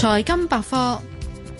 財金百貨。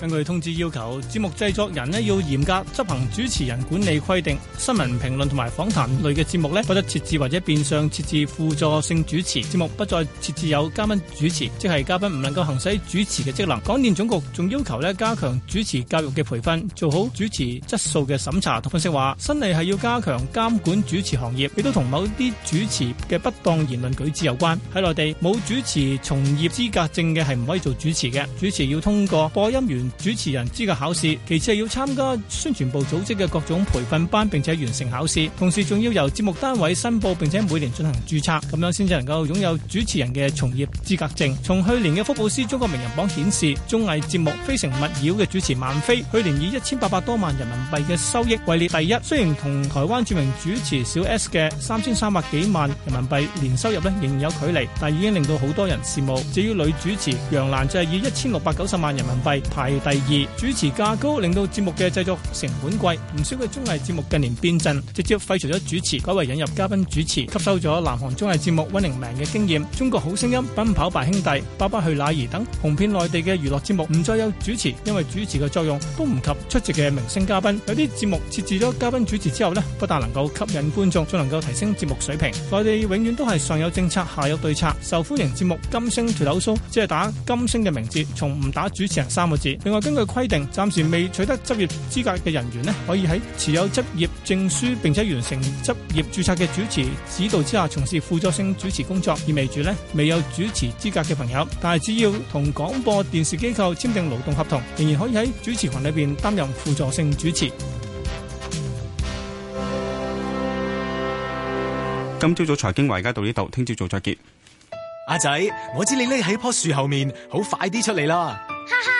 根據通知要求，節目製作人咧要嚴格執行主持人管理規定，新聞評論同埋訪談類嘅節目咧不得設置或者變相設置輔助性主持，節目不再設置有嘉賓主持，即係嘉賓唔能夠行使主持嘅職能。廣電總局仲要求咧加強主持教育嘅培訓，做好主持質素嘅審查。分析話，新例係要加強監管主持行業，亦都同某啲主持嘅不當言論舉止有關。喺內地，冇主持從業資格證嘅係唔可以做主持嘅，主持要通過播音員。主持人資格考試，其次係要參加宣傳部組織嘅各種培訓班，並且完成考試，同時仲要由節目單位申報，並且每年進行注冊，咁樣先至能夠擁有主持人嘅從業資格證。從去年嘅福布斯中國名人榜顯示，綜藝節目《非誠勿擾》嘅主持孟非去年以一千八百多萬人民幣嘅收益位列第一，雖然同台灣著名主持小 S 嘅三千三百幾萬人民幣年收入仍然有距離，但已經令到好多人羨慕。至於女主持楊瀾，楊蘭就係以一千六百九十萬人民幣排，第二主持價高，令到節目嘅製作成本貴。唔少嘅綜藝節目近年變陣直接廢除咗主持，改為引入嘉賓主持，吸收咗南韓綜藝節目《Running Man》嘅經驗，《中國好聲音》《奔跑吧兄弟》《爸爸去哪兒》等紅遍內地嘅娛樂節目，唔再有主持，因為主持嘅作用都唔及出席嘅明星嘉賓。有啲節目設置咗嘉賓主持之後咧，不但能夠吸引觀眾，仲能夠提升節目水平。內地，永遠都係上有政策，下有對策。受歡迎節目《金星脫口秀》只係打金星嘅名字，從唔打主持人三個字。另外根據規定，暫時未取得執業資格嘅人員呢，可以喺持有執業證書並且完成執業註冊嘅主持指導之下，從事輔助性主持工作。意味住呢，未有主持資格嘅朋友，但係只要同廣播電視機構簽訂勞動合同，仍然可以喺主持群裏邊擔任輔助性主持。今朝早財經華爾街到呢度，聽朝早再見。阿仔，我知你匿喺棵樹後面，好快啲出嚟啦！